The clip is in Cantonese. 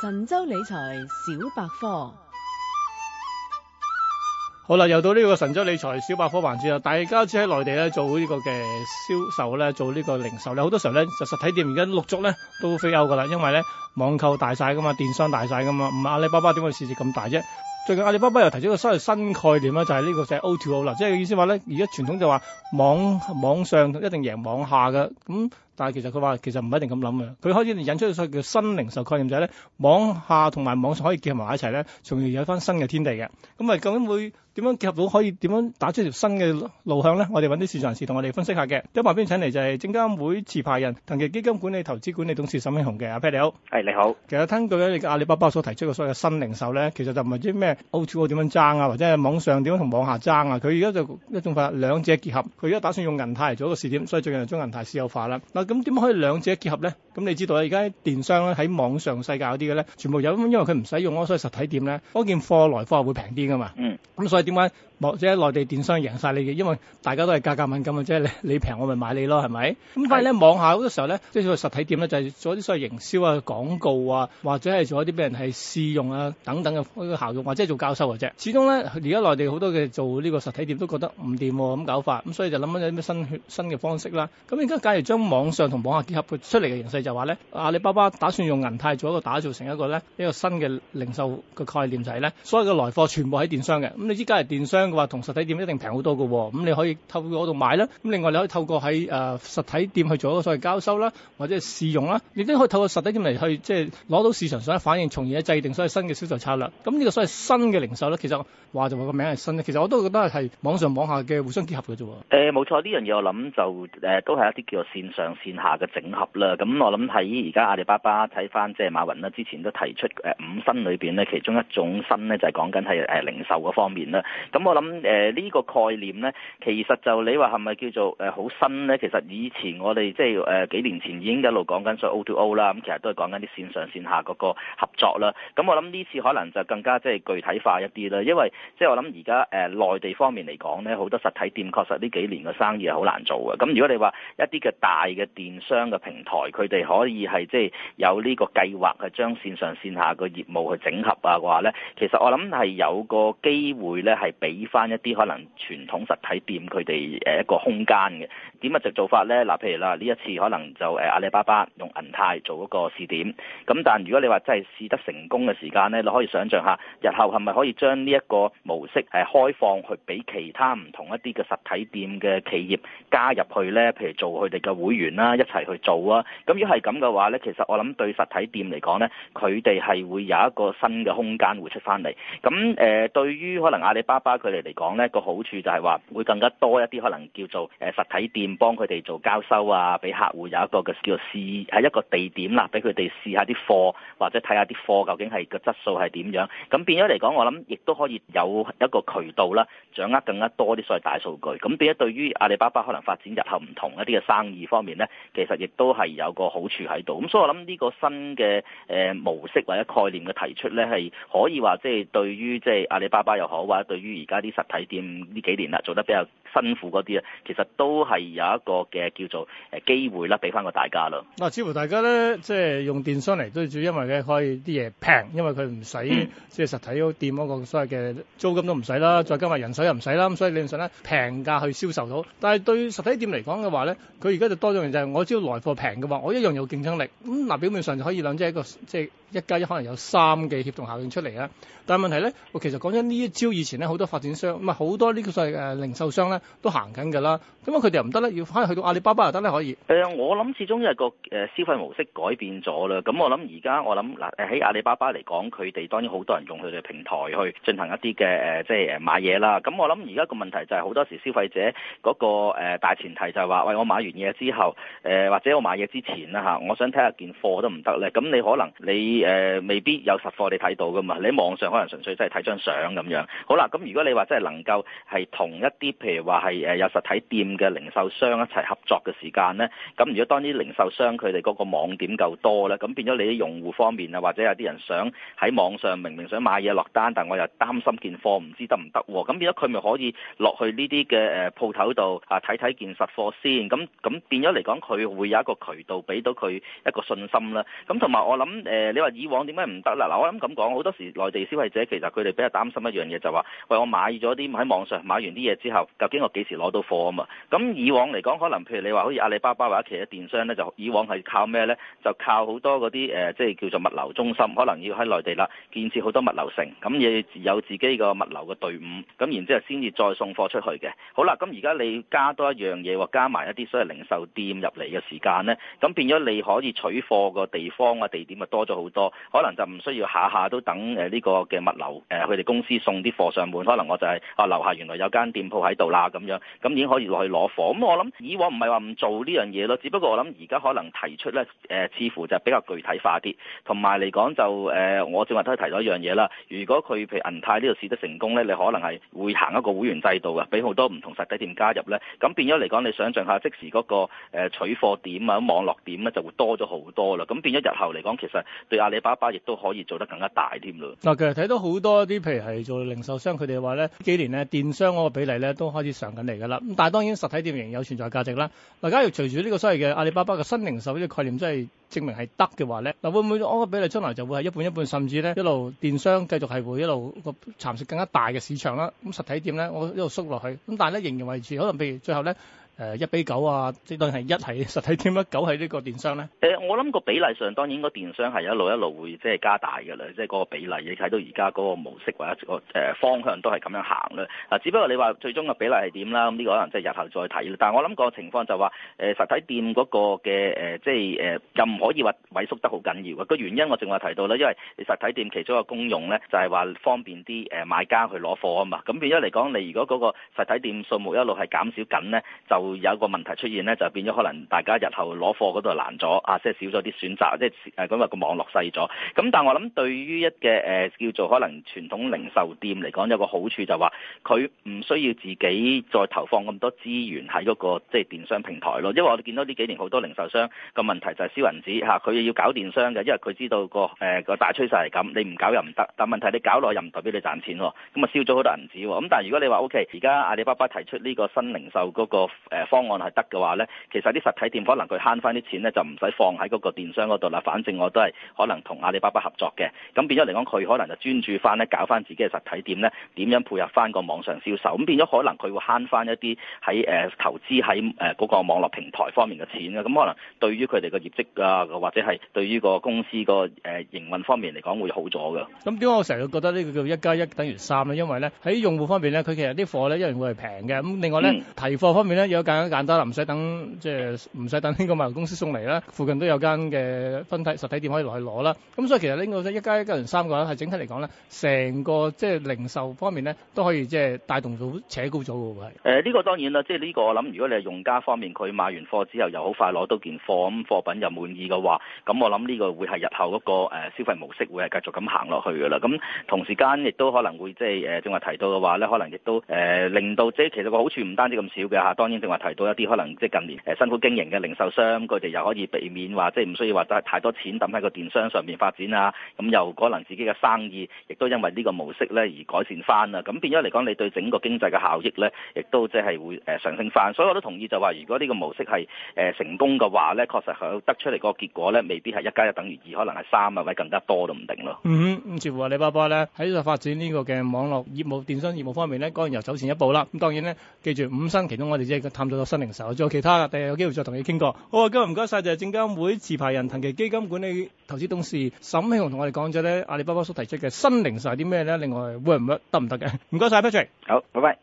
神州理財小百科，好啦，又到呢個神州理財小百科環節啦。大家知喺內地咧做呢個嘅銷售咧，做呢個零售咧，好多時候咧就實體店而家陸續咧都飛歐噶啦，因為咧網購大晒噶嘛，電商大晒噶嘛，唔係阿里巴巴點會市值咁大啫？最近阿里巴巴又提出一個新新概念啦，就係、是、呢個就係 O2O 啦，即係意思話咧，而家傳統就話網網上一定贏網下嘅咁。嗯。但係其實佢話其實唔一定咁諗嘅，佢開始引出咗所謂叫新零售概念就係咧，網下同埋網上可以結合埋一齊咧，從而有翻新嘅天地嘅。咁啊究竟會點樣結合到，可以點樣打出條新嘅路向咧？我哋揾啲市場人士同我哋分析下嘅。一旁邊請嚟就係證監會持牌人、騰祺基金管理投資管理董事沈慶雄嘅，阿 Peter，你好。係，你好。其實根據你嘅阿里巴巴所提出嘅所謂新零售咧，其實就唔係啲咩 O2O 點樣爭啊，或者係網上點樣同網下爭啊。佢而家就一種法，兩者結合。佢而家打算用銀泰嚟做一個試點，所以最近就將銀泰私有化啦。嗱。咁點解可以兩者結合咧？咁你知道而家電商咧喺網上世界嗰啲嘅咧，全部有，因為佢唔使用咯，所以實體店咧，嗰件貨來貨會平啲噶嘛。嗯。咁所以點解？或者內地電商贏晒你嘅，因為大家都係價格敏感嘅，即係你平我咪買你咯，係咪？咁反而咧網下好多時候咧，即係做實體店咧，就係做一啲所謂營銷啊、廣告啊，或者係做一啲俾人係試用啊等等嘅一個效用，或者做交收嘅啫。始終咧，而家內地好多嘅做呢個實體店都覺得唔掂咁搞法，咁所以就諗緊有啲咩新新嘅方式啦。咁而家假如將網上同網下結合出嚟嘅形式，就話咧，阿里巴巴打算用銀泰做一個打造成一個咧一個新嘅零售嘅概念就係咧，所有嘅來貨全部喺電商嘅。咁你依家係電商。話同實體店一定平好多嘅，咁你可以透過嗰度買啦。咁另外你可以透過喺誒、呃、實體店去做一個所謂交收啦，或者試用啦，亦都可以透過實體店嚟去即係攞到市場上嘅反應，從而咧制定所謂新嘅銷售策略。咁呢個所謂新嘅零售咧，其實話就話個名係新，其實我都覺得係網上網下嘅互相結合嘅啫。誒、呃，冇錯，呢樣嘢我諗就誒、呃、都係一啲叫做線上線下嘅整合啦。咁我諗喺而家阿里巴巴睇翻，即係馬雲啦，之前都提出誒、呃、五新裏邊咧，其中一種新咧就係講緊係誒零售嗰方面啦。咁我諗。咁誒呢個概念呢，其實就你話係咪叫做誒好新呢？其實以前我哋即係誒幾年前已經一路講緊所謂 O to O 啦，咁其實都係講緊啲線上線下嗰個合作啦。咁我諗呢次可能就更加即係具體化一啲啦，因為即係我諗而家誒內地方面嚟講呢，好多實體店確實呢幾年嘅生意係好難做嘅。咁如果你話一啲嘅大嘅電商嘅平台，佢哋可以係即係有呢個計劃去將線上線下個業務去整合啊嘅話呢，其實我諗係有個機會呢，係俾。翻一啲可能傳統實體店佢哋誒一個空間嘅點樣就做法呢？嗱，譬如啦，呢一次可能就誒阿里巴巴用銀泰做一個試點，咁但如果你話真係試得成功嘅時間呢，你可以想像下日後係咪可以將呢一個模式誒開放去俾其他唔同一啲嘅實體店嘅企業加入去呢？譬如做佢哋嘅會員啦，一齊去做啊！咁如果係咁嘅話呢，其實我諗對實體店嚟講呢，佢哋係會有一個新嘅空間會出翻嚟。咁誒，對於可能阿里巴巴佢哋。嚟講咧，個好處就係話會更加多一啲，可能叫做誒實體店幫佢哋做交收啊，俾客戶有一個嘅叫做試喺一個地點啦，俾佢哋試下啲貨或者睇下啲貨究竟係個質素係點樣。咁變咗嚟講，我諗亦都可以有一個渠道啦，掌握更加多啲所謂大數據。咁變咗對於阿里巴巴可能發展日後唔同一啲嘅生意方面呢，其實亦都係有個好處喺度。咁所以我諗呢個新嘅、呃、模式或者概念嘅提出呢，係可以話即係對於即係阿里巴巴又好，或者對於而家啲。實體店呢幾年啦，做得比較，辛苦嗰啲啊，其實都係有一個嘅叫做誒機、呃、會啦，俾翻個大家咯。嗱、啊，似乎大家咧即係用電商嚟對住，因為咧可以啲嘢平，因為佢唔使即係實體店嗰個所謂嘅租金都唔使啦，再加埋人手又唔使啦，咁所以理論上咧平價去銷售到。但係對實體店嚟講嘅話咧，佢而家就多咗樣就係、是，我只要來貨平嘅話，我一樣有競爭力。咁、嗯、嗱，表面上就可以兩者一個即係一加一，可能有三嘅協同效應出嚟啊。但係問題咧，我其實講真緊呢一招以前咧，好多發展商好多呢個所謂誒零售商咧。都行緊㗎啦，咁啊佢哋又唔得咧，要翻去到阿里巴巴又得咧可以。呃、我諗始終一個消費模式改變咗啦。咁我諗而家我諗嗱，喺阿里巴巴嚟講，佢哋當然好多人用佢哋平台去進行一啲嘅、呃、即係買嘢啦。咁我諗而家個問題就係好多時消費者嗰、嗰個、呃、大前提就係、係、話，喂，我買完嘢之後、呃，或者我買嘢之前啦、嚇、我想睇下件貨都唔得咧。咁你可能你、呃、未必有實貨你睇到噶嘛？你喺網上可能純粹真係睇張相咁樣。好啦，咁如果你話真係能夠係同一啲譬如話係誒，有實體店嘅零售商一齊合作嘅時間呢。咁如果當啲零售商佢哋嗰個網點夠多咧，咁變咗你啲用戶方面啊，或者有啲人想喺網上明明想買嘢落單，但我又擔心件貨唔知得唔得喎，咁變咗佢咪可以落去呢啲嘅誒鋪頭度啊睇睇件實貨先，咁咁變咗嚟講佢會有一個渠道俾到佢一個信心啦。咁同埋我諗、呃、你話以往點解唔得啦？嗱，我諗咁講，好多時內地消費者其實佢哋比較擔心一樣嘢就話、是，喂，我買咗啲喺網上買完啲嘢之後，究竟，我幾時攞到貨啊嘛？咁以往嚟講，可能譬如你話好似阿里巴巴或者其他電商咧，就以往係靠咩咧？就靠好多嗰啲誒，即、呃、係叫做物流中心，可能要喺內地啦，建設好多物流城，咁要有自己個物流嘅隊伍，咁然之後先至再送貨出去嘅。好啦，咁而家你加多一樣嘢，或加埋一啲所謂零售店入嚟嘅時間咧，咁變咗你可以取貨個地方啊地點啊多咗好多，可能就唔需要下下都等誒呢個嘅物流誒佢哋公司送啲貨上門，可能我就係哦樓下原來有間店鋪喺度啦。咁樣，咁已經可以落去攞貨。咁我諗以往唔係話唔做呢樣嘢咯，只不過我諗而家可能提出咧、呃，似乎就比較具體化啲。同埋嚟講就、呃、我正話都係提咗一樣嘢啦。如果佢譬如銀泰呢度試得成功咧，你可能係會行一個會員制度嘅，俾好多唔同實體店加入咧。咁變咗嚟講，你想象下即時嗰個取貨點啊、網絡點咧就會多咗好多啦。咁變咗日後嚟講，其實對阿里巴巴亦都可以做得更加大添咯。嗱、啊，其實睇到好多啲譬如係做零售商，佢哋話咧，幾年咧電商嗰個比例咧都開始，上緊嚟㗎啦，咁但係當然實體店仍有存在價值啦。嗱，假如隨住呢個所謂嘅阿里巴巴嘅新零售呢個概念真係證明係得嘅話咧，嗱，會唔會按個比例出嚟就會係一半一半，甚至咧一路電商繼續係會一路個蠶食更加大嘅市場啦。咁實體店咧我一路縮落去，咁但係咧仍然維持，可能譬如最後咧。一比九啊，即當係一係實體店啦，九係呢個電商咧、呃。我諗個比例上當然個電商係一路一路會即係加大㗎啦，即係嗰個比例你睇到而家嗰個模式或者個、呃、方向都係咁樣行啦。只不過你話最終個比例係點啦？咁、這、呢個可能即係日後再睇，但我諗個情況就話誒、呃、實體店嗰個嘅即係誒又唔可以話萎縮得好緊要㗎。個原因我正話提到呢，因為實體店其中一個功用咧就係、是、話方便啲買家去攞貨啊嘛。咁變咗嚟講，你如果嗰個實體店數目一路係減少緊咧，就會有一個問題出現咧，就變咗可能大家日後攞貨嗰度難咗啊，即係少咗啲選擇，即係誒咁啊個網絡細咗。咁但係我諗對於一嘅誒叫做可能傳統零售店嚟講，有個好處就話佢唔需要自己再投放咁多資源喺嗰個即係電商平台咯。因為我哋見到呢幾年好多零售商個問題就係燒銀紙嚇，佢要搞電商嘅，因為佢知道個誒個大趨勢係咁，你唔搞又唔得。但係問題你搞落又唔代表你賺錢喎，咁啊燒咗好多銀紙喎。咁但係如果你話 OK，而家阿里巴巴提出呢個新零售嗰個。誒方案係得嘅話呢，其實啲實體店可能佢慳翻啲錢呢，就唔使放喺嗰個電商嗰度啦。反正我都係可能同阿里巴巴合作嘅，咁變咗嚟講，佢可能就專注翻呢，搞翻自己嘅實體店呢，點樣配合翻個網上銷售，咁變咗可能佢會慳翻一啲喺誒投資喺誒嗰個網絡平台方面嘅錢啦。咁可能對於佢哋嘅業績啊，或者係對於個公司個誒營運方面嚟講，會好咗嘅。咁點解我成日覺得呢個叫一加一等於三呢？因為呢喺用戶方面呢，佢其實啲貨呢一樣會係平嘅。咁另外呢，嗯、提貨方面呢。簡單簡單啦，唔使等即係唔使等呢個物流公司送嚟啦，附近都有間嘅分體實體店可以落去攞啦。咁所以其實呢個一加一加完三嘅話，係整體嚟講咧，成個即係零售方面咧，都可以即係帶動到扯高咗嘅喎。呢、呃呢個當然啦，即係呢個我諗，如果你係用家方面，佢買完貨之後又好快攞到件貨，咁貨品又滿意嘅話，咁我諗呢個會係日後嗰個消費模式會係繼續咁行落去嘅啦。咁同時間亦都可能會即係誒，正、呃、話提到嘅話咧，可能亦都、呃、令到即係其實個好處唔單止咁少嘅嚇，當然。話提到一啲可能即係近年誒辛苦經營嘅零售商，佢哋又可以避免話即係唔需要話太太多錢抌喺個電商上面發展啊，咁又可能自己嘅生意亦都因為呢個模式咧而改善翻啊，咁變咗嚟講，你對整個經濟嘅效益咧，亦都即係會誒上升翻。所以我都同意就話，如果呢個模式係誒成功嘅話咧，確實係得出嚟嗰個結果咧，未必係一加一等於二，可能係三啊，或者更加多都唔定咯。嗯，咁似乎阿里巴巴咧喺發展呢個嘅網絡業務、電商業務方面咧，當然又走前一步啦。咁當然咧，記住五新其中我哋即係談到新零售，仲有其他嘅，第日有機會再同你傾過。好啊，今日唔該晒，就係證監會持牌人騰祺基金管理投資董事沈慶洪同我哋講咗咧，阿里巴巴所提出嘅新零售係啲咩咧？另外會唔會得唔得嘅？唔該晒，Patrick。好，拜拜。